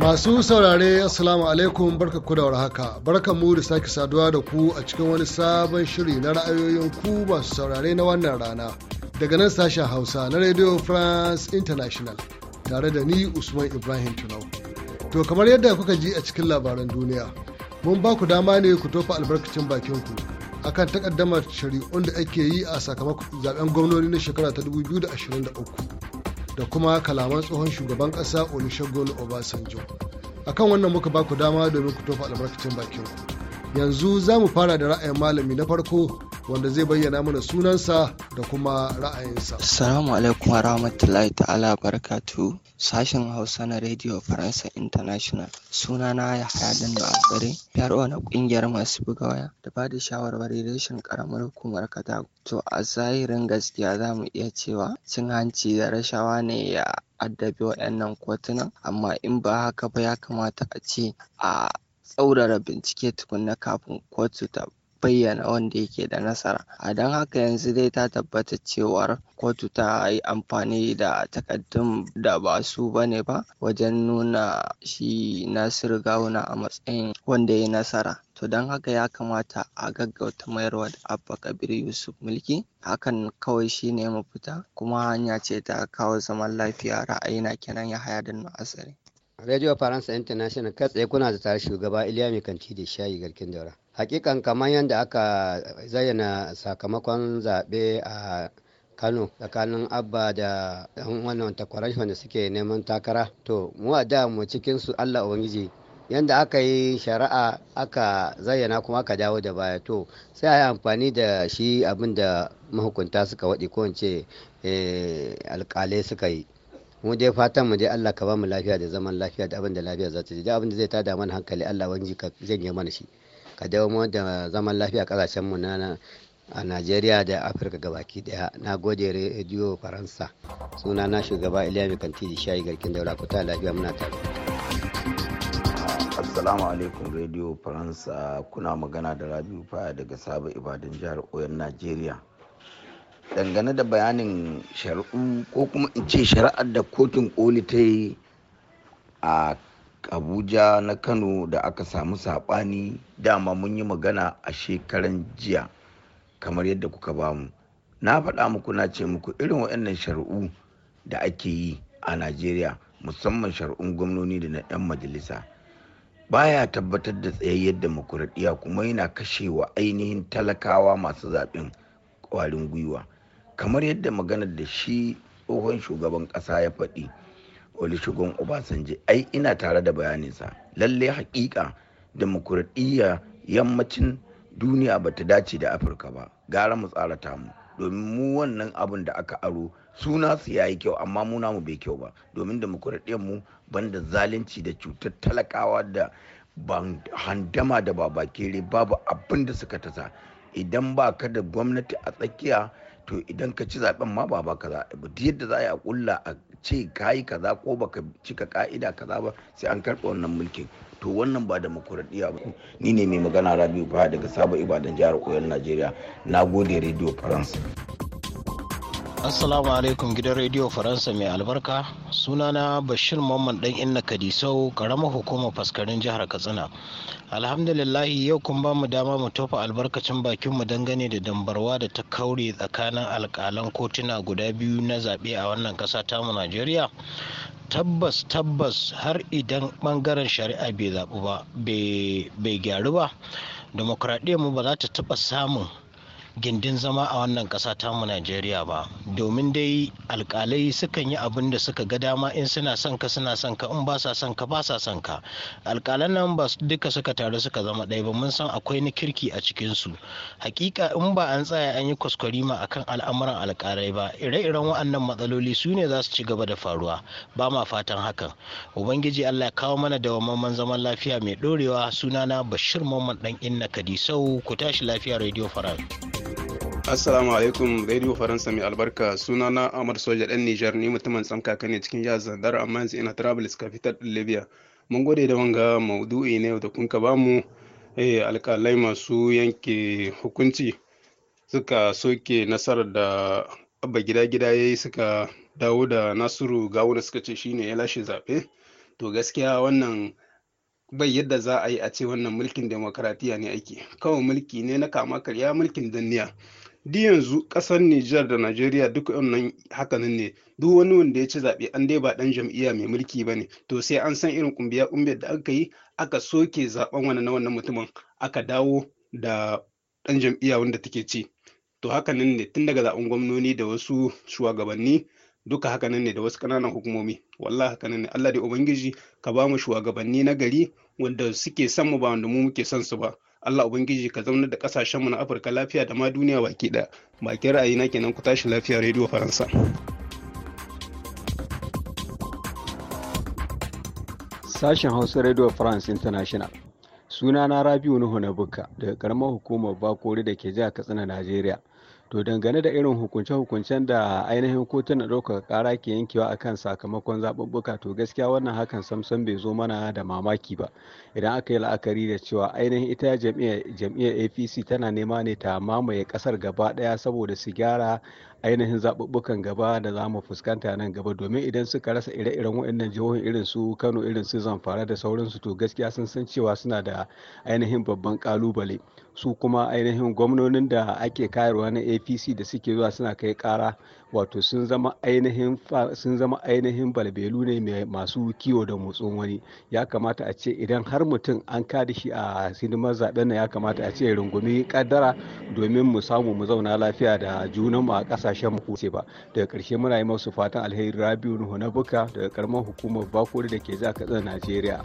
Masu saurare 'Asalamu alaikum barka ku da warhaka. Barka mu da sake saduwa da ku a cikin wani sabon shiri na ra'ayoyin ku masu saurare na wannan rana. Daga nan sashen Hausa na Radio France International tare da ni Usman Ibrahim Tunau. To kamar yadda kuka ji a cikin labaran duniya, mun ba ku dama ne ku tofa albarkacin bakin ku akan takaddamar shari'un da ake yi a sakamakon zaben gwamnoni na shekara ta 2023. da kuma kalaman tsohon shugaban ƙasa olusegun obasanjo akan wannan muka ba ku dama domin ku tofa albarkacin bakin yanzu za mu fara da ra'ayin malami na farko wanda zai bayyana mana sunansa da kuma ra'ayinsa. Assalamu alaikum wa rahmatullahi ta'ala barakatu sashen Hausa na Radio Faransa International. Sunana ya haɗa da a tsare, na kungiyar masu buga waya da ba da shawarwari rashin karamar hukumar katako. To a zahirin gaskiya za mu iya cewa cin hanci da rashawa ne ya addabi waɗannan kotunan amma in ba haka ba ya kamata a ce a tsaurara bincike tukunna kafin kotu ta bayyana wanda yake da nasara a don haka yanzu dai ta tabbata cewar kotu ta yi amfani da takaddun da ba su ba ne ba wajen nuna shi nasiru gawuna a matsayin wanda ya nasara to don haka ya kamata a gaggauta mayarwa da abba kabir yusuf mulki hakan kawai shi ne mafita kuma hanya ce ta kawo zaman lafiya ra'ayina kenan ya haya da asali Radio Faransa International tsaye kuna da tare shugaba Iliya Mai Kanti da Shayi Garkin Daura. Hakikan kamar yadda aka zayyana sakamakon zaɓe a Kano tsakanin Abba da ɗan wannan takwarar wanda suke neman takara. To, mu a da mu cikinsu Allah Ubangiji yadda aka yi shari'a aka zayyana kuma aka dawo da baya to sai a yi amfani da shi abin da mahukunta suka waɗi ko in ce eh, alƙalai suka yi mu dai fatan mu dai Allah ka ba mu lafiya da zaman lafiya da abin da lafiya za ta ji da abin da zai tada mana hankali Allah wanji ka janye mana shi ka dawo mu da zaman lafiya kasashen mu na a Najeriya da Afirka gabaki daya na gode rediyo Faransa suna na shugaba Iliya Kanti da shayi garkin daura ku ta lafiya muna tare Assalamu alaikum Radio Faransa kuna magana da Rabiu Faya daga Sabo Ibadan jihar Oyon Najeriya dangane da bayanin shari'u ko kuma in ce shari'ar da kotun koli ta yi a abuja na kano da aka samu saɓani dama mun yi magana a shekaran jiya kamar yadda kuka ba mu, na faɗa muku na ce muku irin waɗannan shari'u da ake yi a najeriya musamman shari'un gwamnoni da na 'yan majalisa baya tabbatar da tsayayyar demokuraɗiyya kuma yana kashewa ainihin talakawa masu zaɓen ƙwarin gwiwa kamar yadda maganar da shi tsohon shugaban kasa ya faɗi olusegun obasanjo ai ina tare da bayaninsa lallai haƙiƙa demokuraɗiyya yammacin duniya ba ta dace da afirka ba gara mu tsara mu domin mu wannan abin da aka aro suna su yi kyau amma muna mu bai kyau ba domin demokuraɗiyyar mu banda zalunci da cutar talakawa da handama da babakere babu abin da suka tasa idan ba ka da gwamnati a tsakiya to idan ka ci zaben ma ba ba kaza ba duk yadda za a yi a kulla a ce ka yi kaza ko baka cika ka'ida kaza ba sai an karɓa wannan mulkin to wannan ba da makuraɗiya ba ni ne mai magana rabiu ba daga sabon ibadan jihar koyon najeriya na gode radio france Assalamu alaikum gidan rediyo Faransa mai albarka sunana Bashir Mamman dan Inna Kadisau karamar hukumar faskarin jihar Katsina. Alhamdulillahi yau kun ba mu dama mu tofa albarkacin bakin mu dangane da dambarwa da ta kaure tsakanin alkalan kotuna guda biyu na zaɓe a wannan ƙasa tamu Najeriya. tabbas tabbas har idan bangaren shari'a bai zaɓi ba bai gyaru ba demokradiyyar mu ba za ta taɓa samun gindin zama a wannan ƙasa mu najeriya ba domin dai alkalai sukan yi abin da suka ga dama in suna son ka suna son ka in ba sa son ka ba sa son ka alƙalan nan ba duka suka taru suka zama ɗaya ba mun san akwai ni kirki a cikin su hakika in ba an tsaya an yi kwaskwarima akan al'amuran alkalai ba ire-iren waɗannan matsaloli su ne za su ci gaba da faruwa ba ma fatan hakan ubangiji allah ya kawo mana dawamamman zaman lafiya mai ɗorewa sunana bashir mamman ɗan inna kadisau ku tashi lafiya radio faran. Assalamu alaikum Radio Faransa mai albarka sunana Ahmad Soja ɗan Nijar ni mutumin tsamkaka ne cikin jihar Zandar amma yanzu ina ka capital din Libya. Mun gode da wanga maudu'i ne da kun ka bamu eh alƙalai masu yanke hukunci suka soke nasarar da abba gida gida yayi suka dawo da Nasiru gawo da suka ce shine ya lashe zaɓe. To gaskiya wannan bai yadda za a yi a ce wannan mulkin demokaratiya ne aiki? kawai mulki ne na kama karya mulkin danniya Di yanzu kasar Nijar da Najeriya duk wannan hakanin ne duk wani wanda ya ci zaɓe an dai ba ɗan jam'iyya mai mulki ba ne to sai an san irin kumbiya kumbiyar da aka yi aka soke zaɓen wani na wannan mutumin aka dawo da ɗan jam'iyya wanda take ci to hakanin ne tun daga zaɓen gwamnoni da wasu shugabanni duka hakanin ne da wasu ƙananan hukumomi wallahi hakanin ne Allah da ubangiji ka ba mu shugabanni na gari wanda suke son mu ba wanda mu muke son su ba Allah Ubangiji ka zaunar da ƙasashenmu na Afirka lafiya da ma duniya baki ɗaya. Bakin ra'ayina kenan ku tashi lafiya Radio Faransa. Sashen Hausa Radio France International. Sunana Rabiu Nuhu na Bukka daga karamar hukumar Bakori da ke jiha Katsina, Najeriya. To dangane da irin hukunce-hukuncen da ainihin kotun na ɗaukaka ƙara ke yankewa a kan sakamakon zaɓuɓɓuka to gaskiya wannan hakan samsam bai zo mana da mamaki ba idan aka yi la'akari da cewa ainihin ita jam'iyyar APC tana nema ne ta mamaye ƙasar gaba ɗaya saboda su gyara ainihin zaɓuɓɓukan gaba da za mu fuskanta nan gaba domin idan suka rasa ire-iren waɗannan jihohin irin su Kano irin su Zamfara da sauransu to gaskiya sun san cewa suna da ainihin babban ƙalubale. su kuma ainihin gwamnonin da ake kayarwa na apc da suke zuwa suna kai kara wato sun zama ainihin balbelu ne masu kiwo da motsin wani ya kamata a ce idan har mutum an kada shi a sinimar zaben na ya kamata a ce rungumi kaddara domin mu samu mu zauna lafiya da junanmu a kasashen mu ce ba daga karshe muna yi masu fatan alheri rabiu nuhu na buka daga karamar hukumar bakori da ke za katsina najeriya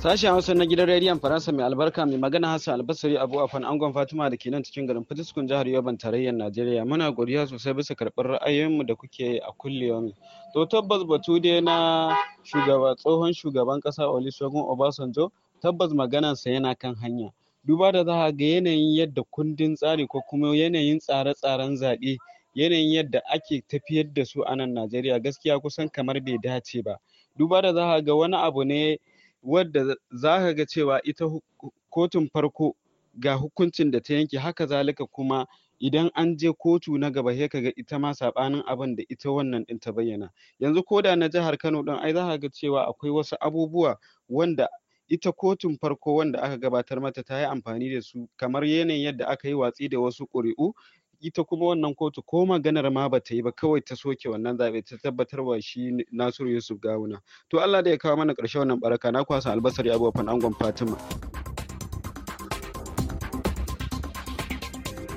Sashen Hausa na gidan rediyon Faransa mai albarka mai magana Hassan Albasari Abu Afan Angon Fatima da ke nan cikin garin Fatiskun jihar Yoruba tarayyar Najeriya. Muna godiya sosai bisa karɓar ra'ayoyinmu da kuke a kulle yau. To tabbas batu dai na shugaba tsohon shugaban ƙasa Olusegun Obasanjo tabbas maganarsa yana kan hanya. Duba da za ga yanayin yadda kundin tsari ko kuma yanayin tsare-tsaren zaɓe yanayin yadda ake tafiyar da su a nan Najeriya gaskiya kusan kamar bai dace ba. Duba da za ga wani abu ne wadda za ka ga cewa ita kotun farko ga hukuncin da ta yanke haka zalika kuma idan an je kotu na gaba sai ga ita ma saɓanin abin da ita wannan ɗin ta bayyana yanzu ko da na jihar Kano ɗin ai za ka ga cewa akwai wasu abubuwa wanda ita kotun farko wanda aka gabatar mata ta yi amfani da su kamar yanayin yadda aka yi watsi da wasu ƙuri'u ita kuma wannan kotu ko maganar ma ba ta yi ba kawai ta soke wannan zaɓe ta tabbatar wa shi Nasiru Yusuf Gawuna to Allah da ya kawo mana ƙarshe wannan baraka na kwasa albasar ya abuwa angon Fatima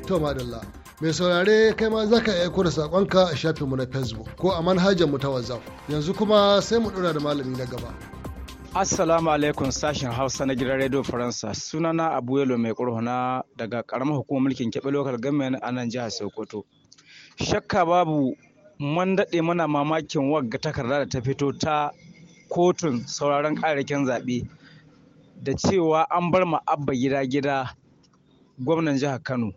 to madalla mai saurare kai ma za ka aiko da saƙonka a shafinmu na facebook ko a manhajar mu ta whatsapp yanzu kuma sai mu ɗora da malami na gaba Assalamu alaikum sashen Hausa na gidan Radio Faransa. Sunana Abuyelo mai kurhuna daga karamar hukumar mulkin keɓe Local Government a nan jihar Sokoto. Shakka babu mun daɗe mana mamakin wagga takarda da ta fito ta kotun sauraron ƙararrakin zaɓe da cewa an bar ma abba gida-gida gwamnan jihar Kano.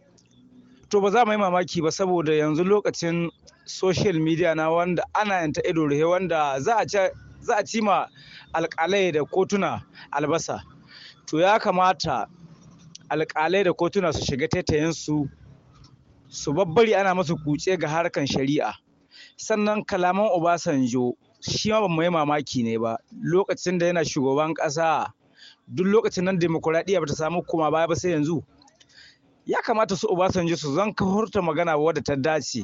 To ba za mu yi mamaki ba saboda yanzu lokacin social media na wanda ana yanta ido wanda za a ce za a ci ma alƙalai da kotuna albasa to ya kamata alkalai da kotuna su shiga taitayensu su babbari ana masu kuce ga harkan shari'a sannan kalaman obasanjo shi ma bamu yi mamaki ne ba lokacin da yana shugaban ƙasa duk lokacin nan demokuraɗiyya ba ta samu koma baya ba sai yanzu ya kamata su obasanjo su zan hurta magana wadda ta dace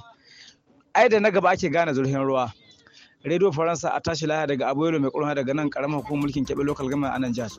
ai da na gaba ake gane zurfin ruwa Radio Faransa a tashi laya daga Abuelo mai kurma daga nan karamar hukumar mulkin Kebe Local Government a nan jihar.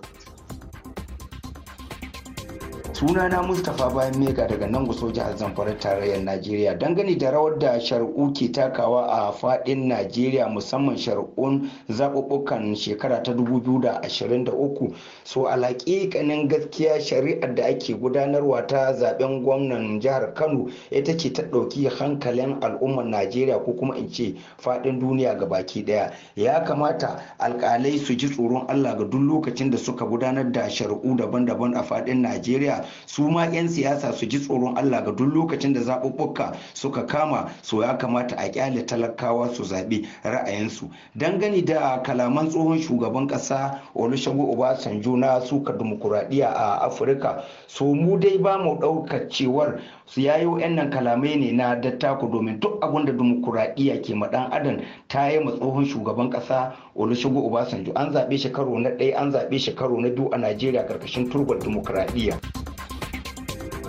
sunana mustapha bayan mega daga nan guso jihar zamfara tarayyar najeriya dangane da rawar da shari'u ke takawa a fadin najeriya musamman shari'un zaɓuɓɓukan shekara ta 2023 so alaƙiƙanin gaskiya shari'ar da ake gudanarwa ta zaɓen gwamnan jihar kano ita ce ta ɗauki hankalin al'ummar najeriya ko kuma in ce fadin duniya ga baki ɗaya ya kamata alƙalai su ji tsoron allah ga duk lokacin da suka gudanar da shari'u daban-daban a fadin najeriya su ma 'yan siyasa su ji tsoron Allah ga duk lokacin da zaɓuɓɓuka suka kama so ya kamata a kyale talakawa su zaɓi ra'ayinsu dangane da kalaman tsohon shugaban ƙasa olusegun obasanjo na suka dimokuraɗiyya a afirka so mu dai ba mu ɗaukar cewar su yayo 'yan nan kalamai ne na dattako domin duk abin da dimokuraɗiyya ke ma ɗan adam ta yi ma tsohon shugaban ƙasa olusegun obasanjo an zaɓe shi karo na ɗaya an zaɓe shi karo na biyu a najeriya ƙarƙashin turbar dimokuraɗiyya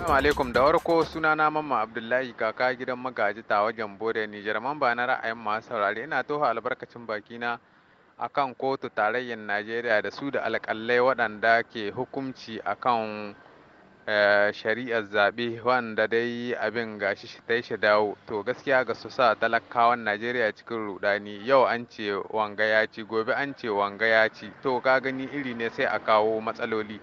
Assalamu alaikum da warko sunana Mamma Abdullahi kaka gidan magaji ta wajen bore Nijar man ba na ra'ayin masu saurare ina toho albarkacin baki bakina akan kotu tarayyar Najeriya da su da alƙalai waɗanda ke hukunci akan eh, shari'ar zaɓe wanda dai abin gashi shi tai shi dawo to gaskiya ga su sa talakawan Najeriya cikin rudani yau an ce wanga ya ci gobe an ce wanga ya ci to ka gani iri ne sai a kawo matsaloli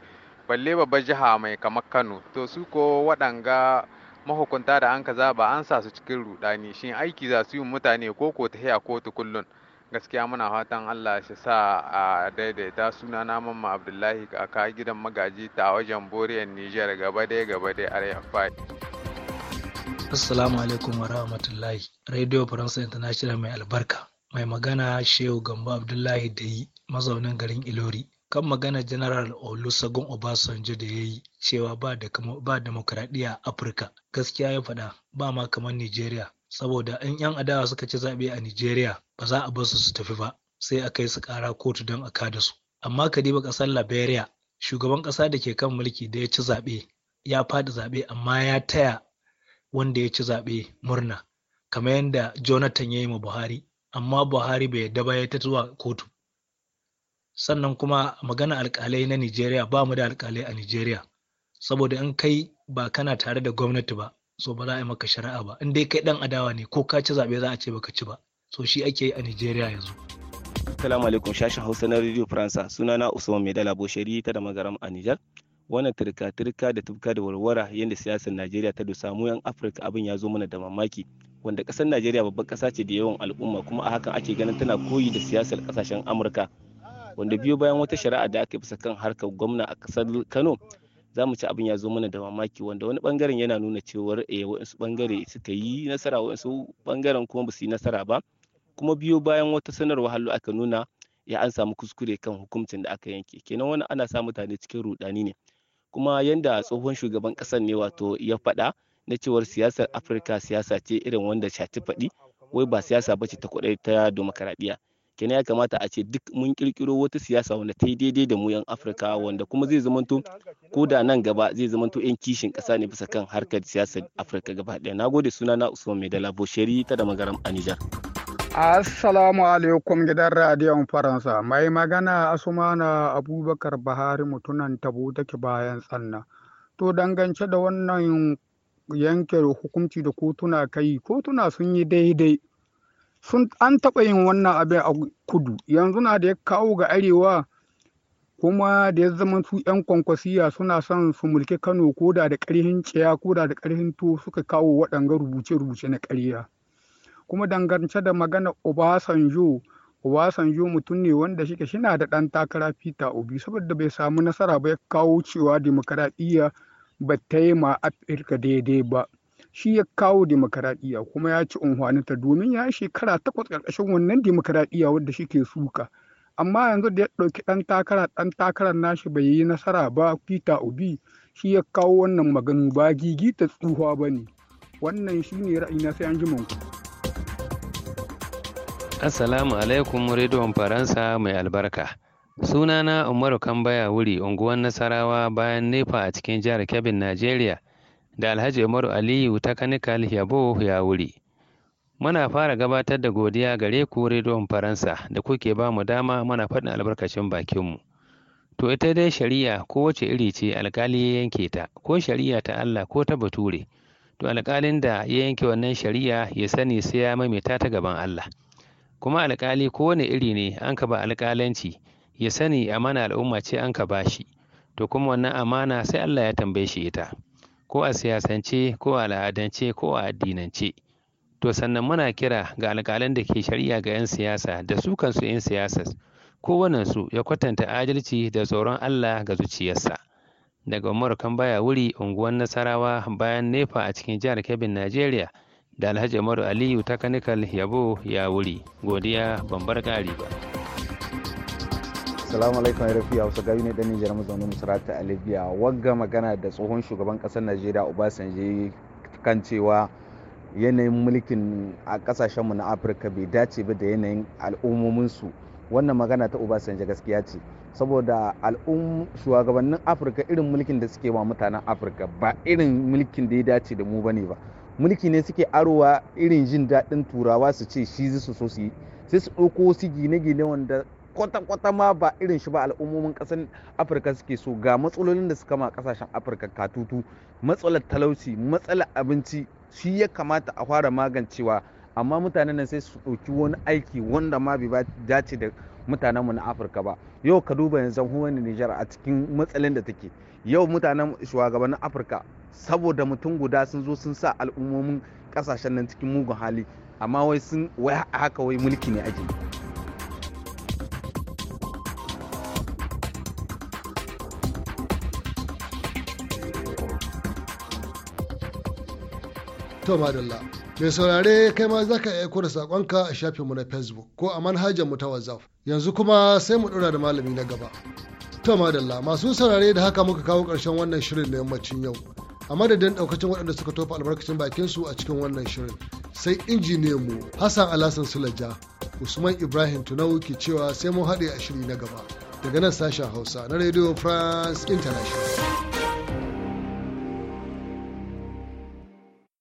balle babbar jiha mai kamar kano to su ko waɗanga mahukunta da an ka zaba an sa su cikin rudani shin aiki za su yi mutane ko ko ta kotu kullun gaskiya muna fatan Allah shi sa a daidaita suna na mamma Abdullahi ka gidan magaji ta wajen Boriyar Nijar gaba dai gaba dai RFI Assalamu alaikum wa rahmatullahi Radio Faransa International mai albarka mai magana Shehu Gambo Abdullahi da yi mazaunin garin Ilori kan magana general Olusegun Obasanjo da ya yi cewa ba demokradiyya a Afirka, gaskiya ya faɗa ba ma kamar Nijeriya, saboda in 'yan adawa suka ci zaɓe a Nijeriya ba za a bar su su tafi ba, sai a kai su ƙara kotu don a da su. Amma Kadiba ƙasar Liberia, shugaban ƙasa da ke kan mulki da ya ci zaɓe, ya faɗi zaɓe amma ya taya wanda ya ci zaɓe murna, kamar yadda Jonathan ya yi ma Buhari, amma Buhari bai yarda ba ya ta zuwa kotu. sannan kuma magana alkalai na Nijeriya ba mu da alkalai a Nijeriya saboda in kai ba kana tare da gwamnati ba so ba za a yi maka shari'a ba in dai kai dan adawa ne ko ka ci zabe za a ce baka ci ba so shi ake yi a Nijeriya yanzu. Assalamu alaikum shashin Hausa na Radio Faransa na Usman Maidala Bosheri ta da Magaram a Nijar. wannan turka-turka da tubka da warwara yadda siyasar najeriya ta dosa mu yan afirka abin ya zo mana da mamaki wanda kasar najeriya babbar kasa ce da yawan al'umma kuma a hakan ake ganin tana koyi da siyasar kasashen amurka wanda biyo bayan wata shari'a da aka yi bisa kan harkar gwamna a kasar kano za mu ci abin ya zo mana da mamaki wanda wani bangaren yana nuna cewar eh waɗansu bangare suka yi nasara waɗansu bangaren kuma ba su yi nasara ba kuma biyo bayan wata sanarwa halu aka nuna ya eh, an samu kuskure kan hukuncin da aka yanke kenan wani ana sa mutane cikin rudani ne kuma yanda tsohon shugaban kasar ne wato ya faɗa na cewar siyasar afirka siyasa ce irin wanda shati faɗi wai ba siyasa ba ce ta kuɗai ta demokaradiyya kenan ya kamata a ce duk mun kirkiro wata siyasa wanda ta yi daidai da mu yan afirka wanda kuma zai zamanto ko da nan gaba zai zamanto yan kishin ƙasa ne bisa kan harkar siyasar afirka gaba daya na gode suna na usman mai dala bosheri ta da magaram a nijar Assalamu alaikum gidan radiyon Faransa, mai magana Asumana Abubakar Bahari mutunan tabo take bayan tsanna. To dangance da wannan yanke hukunci da kotuna kai, kotuna sun yi daidai sun an taɓa yin wannan abin a kudu yanzu na da ya kawo ga arewa kuma da ya zama su 'yan kwankwasiya suna son su mulki kano ko da da ƙarfin ciya ko da da ƙarfin to suka kawo waɗanga rubuce-rubuce na ƙarya kuma dangance da magana obasanjo obasanjo mutum ne wanda shike shina da ɗan takara fita obi saboda bai samu nasara ba ya kawo cewa demokaradiyya ba ta yi ma afirka daidai ba shi ya kawo demokaradiyya kuma ya ci unhwaninta domin ya shekara takwas ƙarƙashin wannan demokaradiyya wadda shi ke suka amma yanzu da ya ɗauki ɗan takara ɗan takarar nashi bai yi nasara ba peter obi shi ya kawo wannan maganu ba gigi ta tsuhuwa ba ne wannan shi ne ra'ayina sai an ji ku. assalamu alaikum rediyon faransa mai albarka sunana umaru kambaya wuri unguwar nasarawa bayan nefa a cikin jihar kebbi najeriya da Alhaji Umaru Aliyu ta Kanikal Yabo wuri Muna fara gabatar da godiya gare ku rediyon Faransa da kuke ba mu dama muna faɗin albarkacin bakinmu. To ita dai shari'a ko wace iri ce alkali ya yanke ta, ko shari'a ta Allah ko ta bature. To alkalin da ya yanke wannan shari'a ya sani sai ya maimaita ta gaban Allah. Kuma alkali wani iri ne an ka ba alkalanci ya sani amana al'umma ce an ka ba shi, To kuma wannan amana sai Allah ya tambaye shi ita. ko a siyasance ko a al'adance ko a addinance to sannan muna kira ga alƙalan da ke shari'a ga 'yan siyasa da su kansu 'yan siyasar su ya kwatanta adalci da tsoron Allah ga zuciyarsa daga Umar baya wuri unguwar Nasarawa bayan Nefa a cikin jihar kebin Najeriya da Alhaji Umaru Aliyu ta Kanikal Yabo ya wuri godiya ban bar ƙari ba. Assalamu alaikum ya rafi wasu gayu ne dan Nijar mazaunin Misrata a Libya wagga magana da tsohon shugaban kasar Najeriya Obasanjo kan cewa yanayin mulkin a kasashen mu na Afirka bai dace ba da yanayin al'ummomin su wannan magana ta Obasanjo gaskiya ce saboda al'um shugabannin Afirka irin mulkin da suke ba mutanen Afirka ba irin mulkin da ya dace da mu bane ba mulki ne suke arowa irin jin daɗin turawa su ce shi su so su yi sai su ɗauko su gine-gine wanda kwata-kwata ma ba irin shi ba al'ummomin ƙasar afirka suke so ga matsalolin da suka ma kasashen afirka katutu matsalar talauci matsalar abinci shi ya kamata a fara magancewa amma mutanen nan sai su ɗauki wani aiki wanda ma bai dace da mutanenmu na afirka ba yau ka duba yanzu hukumar nijar a cikin matsalin da take yau mutanen shugabannin afirka saboda mutum guda sun zo sun sa al'ummomin kasashen nan cikin mugun hali amma wai sun wai haka wai mulki ne ake To madalla. Mai saurare kai ma za ka aiko da saƙonka a shafinmu na Facebook ko a manhajar mu ta WhatsApp. Yanzu kuma sai mu ɗora da malami na gaba. To madalla masu saurare da haka muka kawo ƙarshen wannan shirin na yammacin yau. A madadin ɗaukacin waɗanda suka tofa albarkacin bakin su a cikin wannan shirin. Sai injiniyan mu Hassan alasan Sulaja Usman Ibrahim Tunau ke cewa sai mun haɗe a shiri na gaba. Daga nan sashen Hausa na Radio France International.